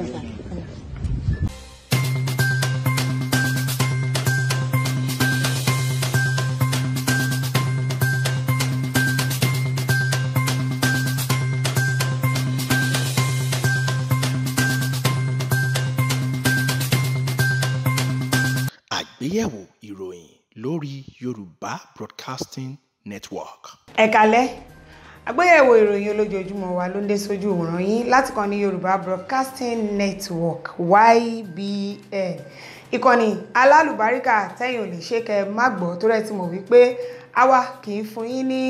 చూసాం sir àgbéyẹ̀wò ìròyìn lórí Yorùbá Broadcasting Network. ẹ kalẹ́ àgbéyẹ̀wò ìròyìn olójoojúmọ́ wa ló ń dé sójú òòrùn yín láti kàn ní yorùbá broadcasting network ybn ìkànnì alálùbáríkà tẹ́yìn ò lè ṣe kẹ́ ẹ má gbọ́ tó rẹ̀ tí mo wí pé àwa kì í fún yín ní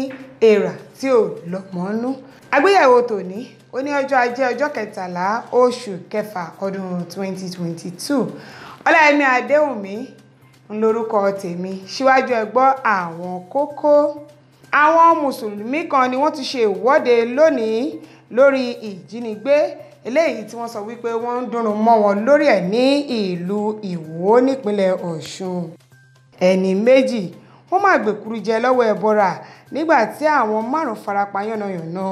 èrà tí ò lọ́mọ́nú àgbéyẹ̀wò tòní ó ní ọjọ́ ajé ọjọ́ kẹtàlá oṣù kẹfà ọdún 2022 ọláyẹmí adéhùnmí ń tèmi síwájú ẹ àwọn kókó àwọn mùsùlùmí kan ni wọ́n ti ṣe ìwọ́de lónìí lórí ìjínigbé eléyìí tí wọ́n sọ wípé wọ́n ń dúnrún mọ́ wọn lórí ẹ̀ ní ìlú Ìwó nípínlẹ̀ Ọ̀ṣun ẹni méjì wọ́n máa gbèkúrú jẹ lọ́wọ́ ẹ̀bọra nígbà tí àwọn márùn farapa yánnayànna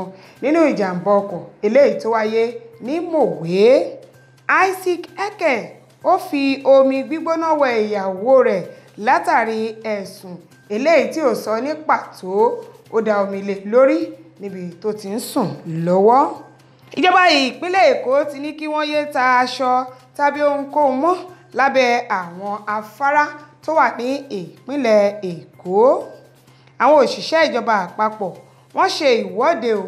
nínú ìjàmbá ọkọ̀ eléyìí tó wáyé ní Mòwe Isaac Eke ó fi omi gbígbóná wẹ ìyàwó rẹ̀ látàrí ẹ̀sùn eléyìí tí ò sọ ní pàtó ó da omi lé lórí níbi tó ti ń sùn lọ́wọ́. ìjọba ìpínlẹ̀ èkó ti ní kí wọ́n yéé ta aṣọ tàbí ohunkóhun mọ́ lábẹ́ àwọn afárá tó wà ní ìpínlẹ̀ èkó. àwọn òṣìṣẹ́ ìjọba àpapọ̀ wọ́n ṣe ìwọ́de o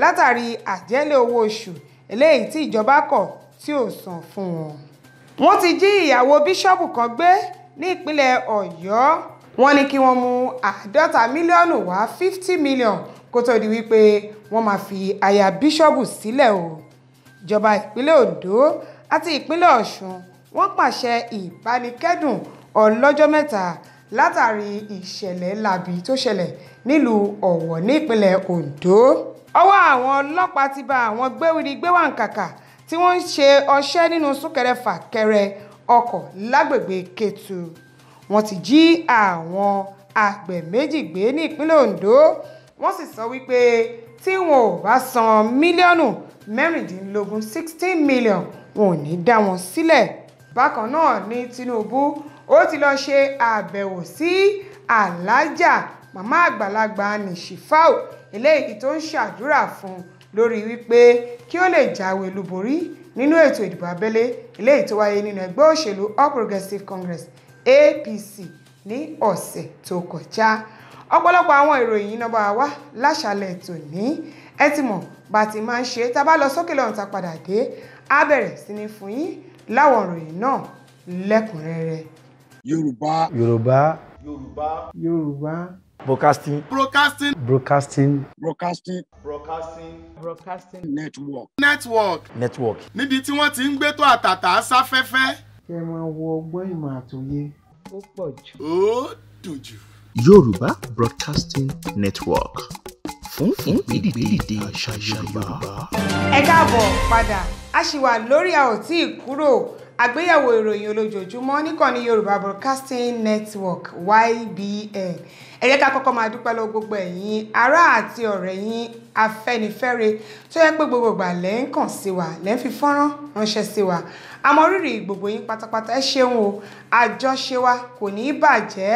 látàrí àjẹ́lẹ̀ owó oṣù eléyìí tí ìjọba kọ̀ tí ò san fún wọn. wọ́n ti jí ìyàwó bíṣọ́ọ̀bù kan gbé ní ìpínlẹ̀ ọ̀yọ́ wọ́n ní kí wọ́n mú àádọ́ta mílíọ̀nù wá fifty million kó tó di wípé wọ́n máa fi aya bíṣọ́ọ̀bù sílẹ̀ o ìjọba ìpínlẹ̀ Ondo àti ìpínlẹ̀ Ọ̀ṣun wọ́n pàṣẹ ìbánikẹ́dùn ọlọ́jọ́ mẹ́ta látàrí ìṣẹ̀lẹ̀ láabi tó ṣẹlẹ̀ nílùú Ọ̀wọ̀ nípínlẹ̀ Ondo ọwọ́ àwọn ọlọ́pàá ti bá àwọn gbéwìrì-gbéwàǹkàkà tí wọ́n ń ṣe ọṣẹ́ nínú súnkẹrẹ-fàkẹrẹ ọkọ̀ lágbègbè Ketu wọ́n ti jí àwọn àgbẹ̀ méjì gbé ní ìpínlẹ̀ Ondo wọ́n sì sọ wípé tí wọn ò bá san mílíọ̀nù mẹ́rìndínlógún sixteen million wọn ò ní dá wọn sílẹ̀ bákan náà ní Tinubu ó ti lọ ṣe àbẹ̀wò sí alájà màmá àgbàlagbà nìṣífàù eléyìí tó ń ṣàdúrà fún lórí wípé kí ó lè jáwé olúborí nínú ètò ìdìbò abẹ́lé eléyìí tó wáyé nínú ẹgbẹ́ òṣèlú All Progressives Congress APC ní ọ̀sẹ̀ tó kọjá ọ̀pọ̀lọpọ̀ àwọn ìròyìn nọ́mbà wá láṣàlẹ̀ tòní ẹ ti mọ̀ bá ti máa ń ṣe tá a bá lọ sókè lọ́run tá padà dé á bẹ̀rẹ̀ sí ní fún yín láwọn ìròyìn náà lẹ́kùnrẹ́rẹ́. Yorùbá Yorùbá Yorùbá Yorùbá broadcasting broadcasting broadcasting broadcasting broadcasting broadcasting network network network níbi tí wọ́n ti ń gbé tó àtàtà sáfẹ́fẹ́ kẹ́ máa wọ ọgbọ́n ìmọ̀ àtòyé ó pọ̀ jù. ó dùn jù. Yorùbá Broadcasting Network fún ìgbédìde àṣà Yorùbá. ẹ káàbọ̀ padà a ṣì wà lórí a ò tí ì kúrò àgbéyẹ̀wò ìròyìn olójoojúmọ́ níkànnì yorùbá broadcasting network ybn ẹ jẹ́ ká kọ́kọ́ máa dúpẹ́ lọ́wọ́ gbogbo ẹ̀yin ará àti ọ̀rẹ́ yín afẹ́nifẹ́re tó yẹ pé gbogbo ìgbà lẹ́ ń kàn sí wa lẹ́ ń fi fọ́nrán ránṣẹ́ sí wa àmọ́ rírì gbogbo yín pátápátá ẹ ṣeun o àjọṣe wa kò ní í bàjẹ́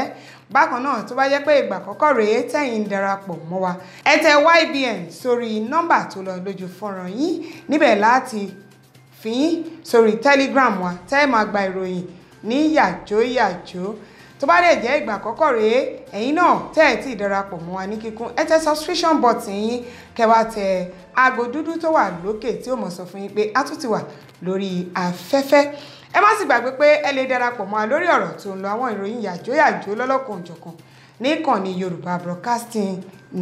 bákan náà tó bá yẹ pé ìgbà àkọ́kọ́ rèé tẹ̀yin darapọ̀ mọ́ wa ẹ tẹ ybn sórí nọ́mbà tó lọ lójú fọ́nrán yín níbẹ̀ láti fi sórí telegram wa tẹ́ ẹ máa gba ìròyìn ní yàjóyàjó tó bá dẹ̀ jẹ́ ìgbà àkọ́kọ́ rèé ẹ̀yin náà tẹ́ ẹ̀ tí ì darapọ̀ mọ́ wa ní kíkún ẹ tẹ subscription button yín kẹwàá tẹ aago dúdú tó wà lókè tí ó mọ̀ sọ fún yín pé a tún ti wà lórí afẹ́fẹ́ ẹ má sì gbàgbé pé ẹ lè darapọ̀ mọ́ wa lórí ọ̀rọ̀ tó ń lọ àwọn ìròyìn yàjóyàjó lọ́lọ́kan òjọ̀kan ní ìkànnì Yorùbá Broadcasting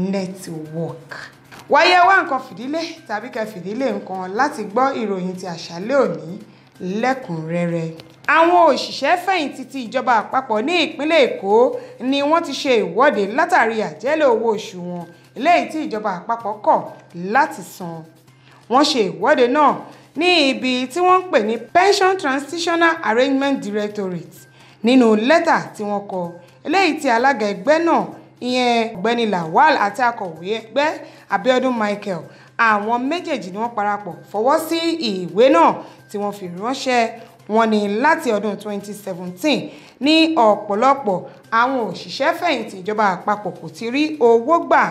Network wáyé wá nǹkan fìdílé tàbí kẹ́ fìdílé nǹkan láti gbọ́ ìròyìn ti àṣálẹ́ òní lẹ́kùnrẹ́rẹ́ àwọn òṣìṣẹ́ fẹ̀yìntì ti ìjọba àpapọ̀ ní ìpínlẹ̀ èkó ni wọ́n ti ṣe ìwọ́de látàrí àjẹ́lẹ̀ owó oṣù wọn eléyìí tí ìjọba àpapọ̀ kọ̀ láti san wọ́n ṣe ìwọ́de náà ní ibi tí wọ́n ń pè ní pension transitional arrangement directorate nínú lẹ́tà tí wọ́n kọ eléyìí tí alága ẹgbẹ́ náà ìyẹn ọ̀gbẹ́ni Lawal àti akọ̀wé ẹgbẹ́ Abíọ́dún Michael àwọn méjèèjì ni wọ́n parapọ̀ fọwọ́ sí ìwé náà tí wọ́n fi ránṣẹ́ wọn ni láti ọdún 2017 ní ọ̀pọ̀lọpọ̀ àwọn òṣìṣẹ́ fẹ̀yìntì ìjọba àpapọ̀ kò ti rí owó gbà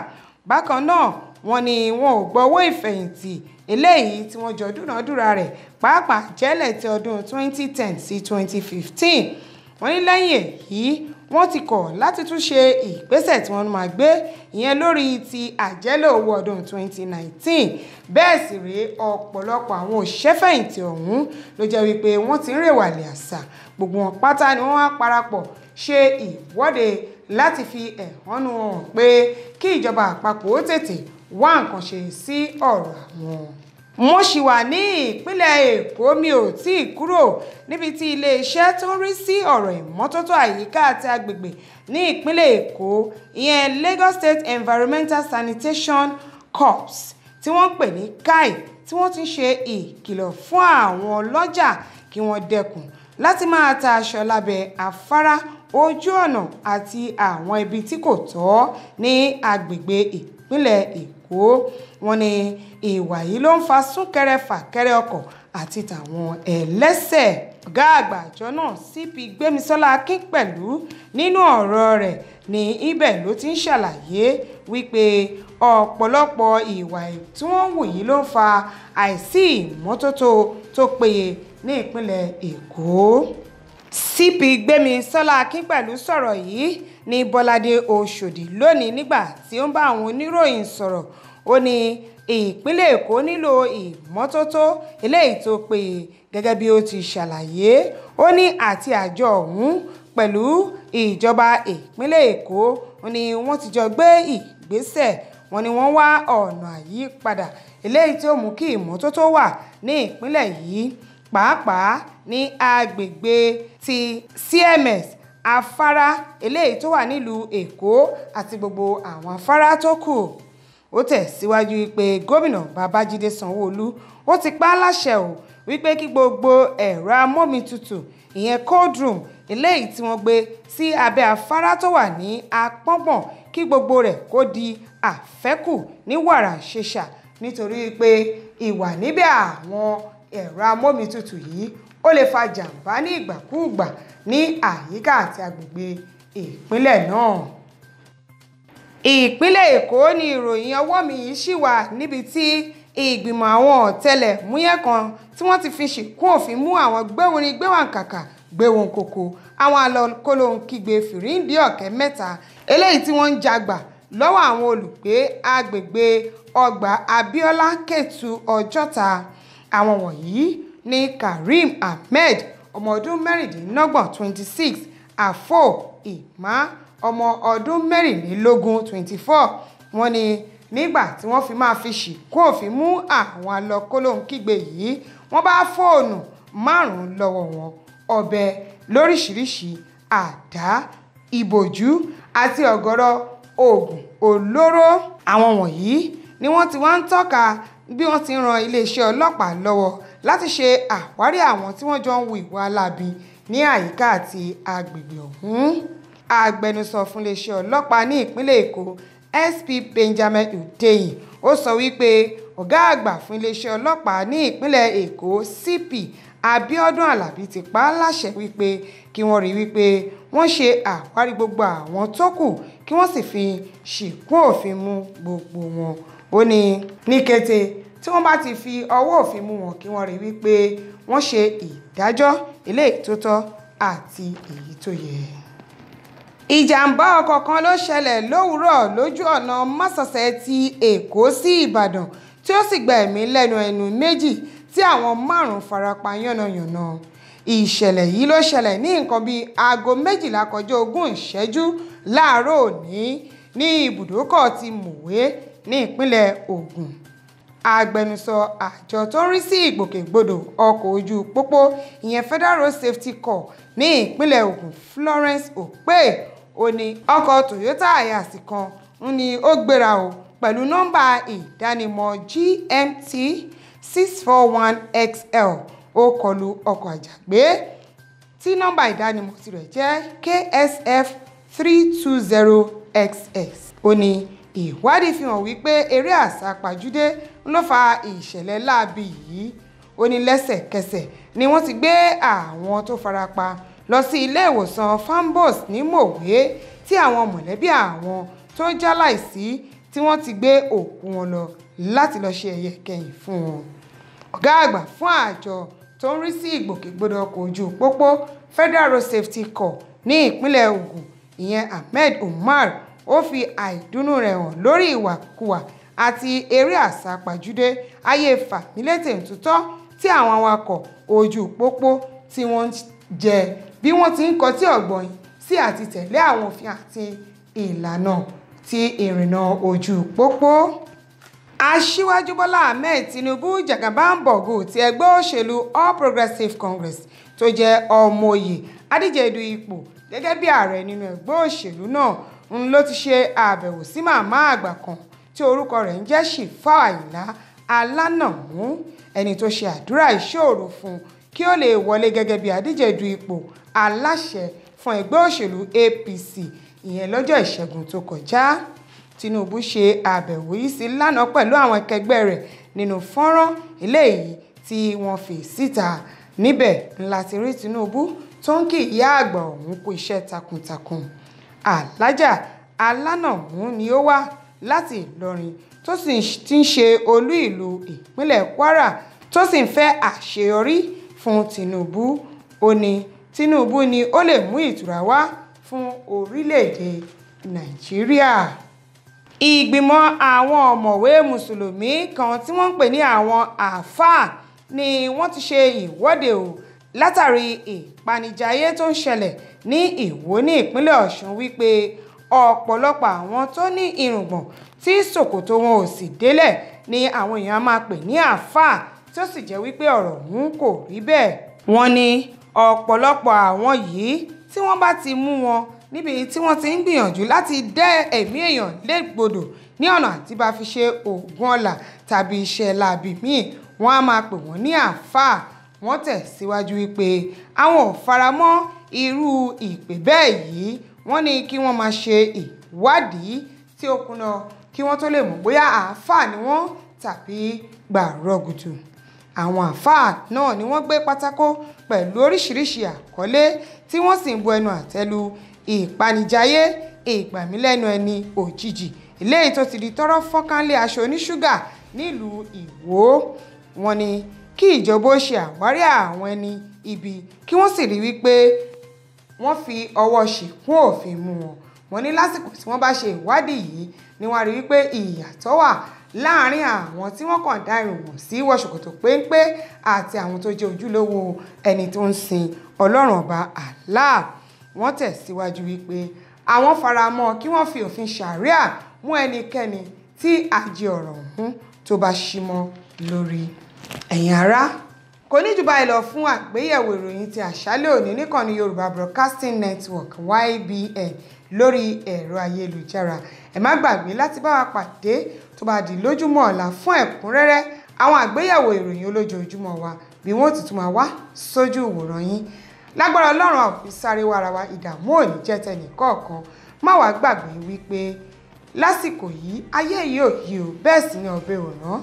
bákan náà wọ́n ní wọn ò gbọ́ owó ìfẹ̀yìntì eléyìí tí wọ́n jọ dúnàádúrà rẹ̀ pàápàá jẹ́lẹ̀ ti ọdún 2010 sí 2015 wọ́n ní lẹ́yìn èyí wọ́n ti kọ̀ láti tún ṣe ìgbésẹ̀ tí wọ́n máa gbé ìyẹn lórí ti àjẹ́lò owó ọdún 2019 bẹ́ẹ̀ sì rèé ọ̀pọ̀lọpọ̀ àwọn òṣìṣẹ́fẹ̀yìntì ọ̀hún ló jẹ́ wípé wọ́n ti ń rèwàlẹ̀ àṣà gbogbo wọn pátá ni wọ́n wá parapọ̀ ṣe ìwọ́de láti fi ẹ̀hónú hàn pé kí ìjọba àpapọ̀ ó tètè wá nǹkan ṣe sí ọ̀rọ̀ àwọn mo ṣì wà ní ìpínlẹ̀ èkó mi ò tí ì kúrò níbi tí iléeṣẹ́ tó ń rí sí ọ̀rọ̀ ìmọ́tótó àyíká àti agbègbè ní ìpínlẹ̀ èkó ìyẹn Lagos State Environmental Sanitation Corps tí wọ́n pè ní kai tí wọ́n ti ń ṣe ìkìlọ̀ fún àwọn ọlọ́jà kí wọ́n dẹ́kun láti máa ta aṣọ lábẹ́ afárá ojú ọ̀nà àti àwọn ibi tí kò tọ́ ní agbègbè ìpínlẹ̀ ìpínlẹ̀ Èkó wọ́n ní ìwà yìí ló ń fa súnkẹrẹ fàkẹrẹ ọkọ̀ àti tàwọn ẹlẹ́sẹ̀ ọ̀gá àgbà àjọ náà CP Gbémisọ́lá Akínpẹ̀lú nínú ọ̀rọ̀ rẹ̀ ní ibẹ̀ ló ti ń ṣàlàyé wípé ọ̀pọ̀lọpọ̀ ìwà tí wọ́n ń wù yìí ló ń fa àìsí ìmọ́tótó tó péye ní ìpínlẹ̀ Èkó CP Gbémisọ́lá Akínpẹ̀lú sọ̀rọ̀ yìí ní Bọ́ládé Oṣòdì lónìí nígbà tí ó ń bá àwọn oníròyìn sọ̀rọ̀ ó ní ìpínlẹ̀ Èkó nílò ìmọ́tótó eléyìí tó pé gẹ́gẹ́ bí ó ti ṣàlàyé ó ní àti àjọ ọ̀hún pẹ̀lú ìjọba ìpínlẹ̀ Èkó ni wọ́n ti jọ gbé ìgbésẹ̀ wọn ni wọ́n wá ọ̀nà àyípadà eléyìí tí ó mú kí ìmọ́tótó wà ní ìpínlẹ̀ yìí pàápàá ní agbègbè ti CMS afárá eléyìí tó wà nílùú èkó àti gbogbo àwọn afárá tó kù ó tẹ̀síwájú pé gómìnà babájídé sanwóolu ó ti pa á láṣẹ o wípé kí gbogbo ẹ̀rọ amómitutù ìyẹn cold room eléyìí tí wọ́n gbé sí abẹ́ afárá tó wà ní apọ́ngbọ̀n kí gbogbo rẹ̀ kó di àfẹ́kù ní wàrà ṣèṣà nítorí pé ìwà níbẹ̀ àwọn ẹ̀rọ amómitutù yìí ó lè fa jàǹbá ní ìgbàkúùgbà ní àyíká àti agbègbè ìpínlẹ̀ náà ìpínlẹ̀ èkó ni ìròyìn ọwọ́ mi yìí ṣì wà níbi tí ìgbìmọ̀ àwọn ọ̀tẹlẹ̀múyẹ́ kan tí wọ́n ti fi ṣìkún òfin mú àwọn gbéwòn ní gbéwàǹkàkà gbéwòn kòkó àwọn alọ́kọ́lóhunkígbe fìríǹdì ọ̀kẹ́ mẹ́ta eléyìí tí wọ́n ń jagbà lọ́wọ́ àwọn olùgbé agbègbè ọgbà abiola kẹtù ọjọ́ta àwọn wọ̀nyí ní kareem ahmed ọmọ ọdún mẹ́rìndínlọ́gbọ̀n twenty six àfọ ìmá ọmọ ọdún mẹ́rìnlélógún twenty four wọ́n ní nígbà tí wọ́n fi máa fi ṣìkú òfin mú àwọn alọ́kólóńkígbe yìí wọ́n bá fóònù márùn-ún lọ́wọ́ wọn ọ̀bẹ lóríṣiríṣi àdá ìbòjú àti ọ̀gọ̀rọ̀ oògùn olóró àwọn wọ̀nyí ni wọ́n ti wá ń tọ́ka bí wọ́n ti ran iléeṣẹ́ ọlọ́pàá lọ́wọ́ láti ṣe àwárí àwọn tí wọ́n jọ ń hu ìwà alábi ní àyíká àti agbègbè ọ̀hún. agbẹnusọ fún iléeṣẹ́ ọlọ́pàá ní ìpínlẹ̀ èkó sp benjamin hundeyin ó sọ wípé ọ̀gá àgbà fún iléeṣẹ́ ọlọ́pàá ní ìpínlẹ̀ èkó cp abiodun alabi ti pa á láṣẹ wípé kí wọ́n rí wípé wọ́n ṣe àwárí gbogbo àwọn tó kù kí wọ́n sì fi ṣìkún òfin mú gbogbo wọn ó ní ní kété tí wọ́n bá ti fi ọwọ́ òfin mú wọn kí wọ́n rí wípé wọ́n ṣe ìdájọ́ eléyìí tó tọ́ àti èyí tó yẹ. ìjàmbá ọkọ̀ kan ló ṣẹlẹ̀ lówùúrọ̀ lójú ọ̀nà mọ́sọ̀ọ̀sẹ̀ ti èkó sí ìbàdàn tí ó sì gba ẹ̀mí lẹ́nu ẹnu méjì tí àwọn márùn-ún farapa yánnayànna ìṣẹ̀lẹ̀ yìí ló ṣẹlẹ̀ ní nǹkan bíi aago méjìlá kọjá ogún ìṣẹ́jú láàárọ̀ òní ní ibùdókọ̀ ti mòwe ní ìpínlẹ̀ ògùn agbẹnusọ àjọ tó ń rí sí ìgbòkègbodò ọkọ̀ ojú pópó ìyẹn Federal Safety Corps ní ìpínlẹ̀ Ògùn Florence Okpei ó ní ọkọ̀ Toyota Hiace kan ń ní ó gbéra o pẹ̀lú nọ́mbà ìdánimọ̀ GMT 641XL ó kọlu ọkọ̀ àjàgbé tí nọ́mbà ìdánimọ̀ tirẹ̀ jẹ́ KSF zero xx ó ní ìwádìí fi hàn wípé eré àsápajúdé ló fa ìṣẹ̀lẹ̀ láabi yìí ó ní lẹ́sẹ̀kẹsẹ̀ ni wọ́n ti gbé àwọn tó farapa lọ sí ilé ìwòsàn Fambos ní Mòwe tí àwọn mọ̀lẹ́bí àwọn tó jáláìsí tí wọ́n ti gbé òkú wọn lọ láti lọ́ọ́ ṣe ẹ̀yẹ kẹyìn fún wọn. ọ̀gá àgbà fún àjọ tó ń rí sí ìgbòkègbodò ọkọ̀ ojú pópó Federal Road Safety Corps ní ìpínlẹ̀ Ògùn ìyẹn Ahmed Umar ó fi àìdùnnú rẹ̀ hàn lórí ìwàkuwà àti eré àsápajúdé ayé fàmílétè ntutọ́ tí àwọn awakọ̀ ojú pópó tí wọ́n jẹ bí wọ́n ti ń kọtí ọ̀gbọ̀n sí àti tẹ̀lé àwọn òfin àti ìlànà ti ìrìnnà ojú pópó. Aṣíwájú Bọ́lá Ahmed Tinubu jàgàbáǹbọ̀gù ti ẹgbẹ́ òṣèlú All Progressives Congress tó jẹ́ ọmọye adíjẹ́du ipò gẹ́gẹ́ bí ààrẹ nínú ẹgbẹ́ òṣèlú náà ń ló ti ṣe àbẹ̀wò sí màmá àgbà kan tí orúkọ rẹ̀ ń jẹ́ Ṣìfà Àyìnlá Alánàmú ẹni tó ṣe àdúrà ìṣòro fún kí ó lè wọlé gẹ́gẹ́ bí adíje du ipò aláṣẹ fún ẹgbẹ́ òṣèlú APC ìyẹn lọ́jọ́ ìṣẹ́gun tó kọjá Tinubu ṣe àbẹ̀wò yìí sí lánàá pẹ̀lú àwọn akẹgbẹ́ rẹ̀ nínú fọ́nrán eléyìí tí wọ́n fi síta níbẹ̀ ńlá ti rí Tinubu tó ń kí ìyá àgbà ọ̀hún kú iṣẹ́ takuntakun Alhaja Alánàmú ni ó wà láti Ìlọrin tó sì ti ń ṣe olú ìlú ìpínlẹ̀ Kwara tó sì ń fẹ́ àṣeyọrí fún Tinubu ó ní Tinubu ni ó lè mú ìtura wá fún orílẹ̀-èdè Nàìjíríà ìgbìmọ̀ àwọn ọ̀mọ̀wé mùsùlùmí kan tí wọ́n ń pè ní àwọn àáfàá ni wọ́n ti ṣe ìwọ́de o látàrí ìpanijayé tó ń ṣẹlẹ̀ ní Ìwó ní ìpínlẹ̀ Ọ̀ṣun wípé ọ̀pọ̀lọpọ̀ àwọn tó ní irùngbọ̀n tí ṣòkòtò wọn ò sì délẹ̀ ni àwọn èèyàn máa pè ní àáfàá tí ó sì jẹ́ wípé ọ̀rọ̀ ọ̀hún kò rí bẹ́ẹ̀. wọ́n ní ọ̀pọ̀lọpọ̀ àwọn yìí tí wọ́n bá ti mú wọn níbi tí wọ́n ti ń gbìyànjú láti dẹ́ ẹ̀mí èèyàn légbodò ní ọ̀nà àti bá fi ṣe oògùn ọ̀là tàbí iṣẹ́ láabi míì wọ́n á máa pè wọ́n ní àáfàá wọ́n tẹ̀ wípé àwọn ò faramọ́ irú ìpè bẹ́ẹ̀ yìí wọ́n ní kí wọ́n máa ṣe ìwádìí tí ó kúnná kí wọ́n tó lè mọ̀ bóyá àáfàá ni wọ́n tàbí gbàrọ̀gùdù àwọn àáfàá náà ni wọ́n gbé pátákó pẹ̀lú oríṣiríṣi àkọlé tí wọ́n sì ń bu ẹnu àtẹ́lu ìpanijayé ìgbàmílẹ́nu ẹni òjijì eléyìí tó ti di tọ́rọ́ fọ́nkánlé aṣọ oníṣúgà nílùú Ìwó wọ́n ní kí ìjọba ó ṣe àwárí àwọn ẹni ibi kí wọ́n sì rí wípé wọ́n fi ọwọ́ ṣìkún òfin mú wọn wọ́n ní lásìkò tí wọ́n bá ṣe ìwádìí yìí ni wọ́n rí wípé ìyàtọ̀ wà láàárín àwọn tí wọ́n kàn dá irun wọn sí wọ̀ṣọ̀kòtò péńpé àti àwọn tó jẹ́ ojúlówó ẹni tó ń sin ọlọ́run ọba Allah wọ́n tẹ̀síwájú wípé àwọn faramọ́ kí wọ́n fi òfin ṣàríà mú ẹnikẹ́ni tí àjẹ ọ̀rọ̀ ọ̀hún tó bá ṣímọ́ lórí ẹ̀yin ará kò ní jù báyìí lọ fún àgbéyẹ̀wò ìròyìn ti àṣálẹ́ òní níkànnì Yorùbá Broadcasting Network YBN lórí ẹ̀rọ ayélujára ẹ má gbàgbé láti bá wa pàdé tó bá di lójúmọ́ ọ̀la fún ẹ̀kúnrẹ́rẹ́ àwọn àgbéyẹ̀wò ìròyìn olójoojúmọ́ wa bí wọ́n ti tún máa wá sójú ìwòran yín lágbára Ọlọ́run àfi sáré wára wa ìdààmú òní jẹ́ tẹnìkọ̀ọ̀kan má wàá gbàgbé wípé lásìkò yìí ayé yìí ò yí o bẹ́ẹ̀ sì ni ọbẹ̀ òràn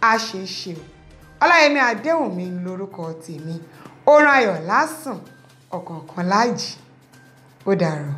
á ṣe é ṣe o ọláyẹmí adéwùnmí lórúkọ tèmi oorun ayọ̀ lásùn ọ̀kọ̀ọ̀kan láàjì ó dàrọ̀.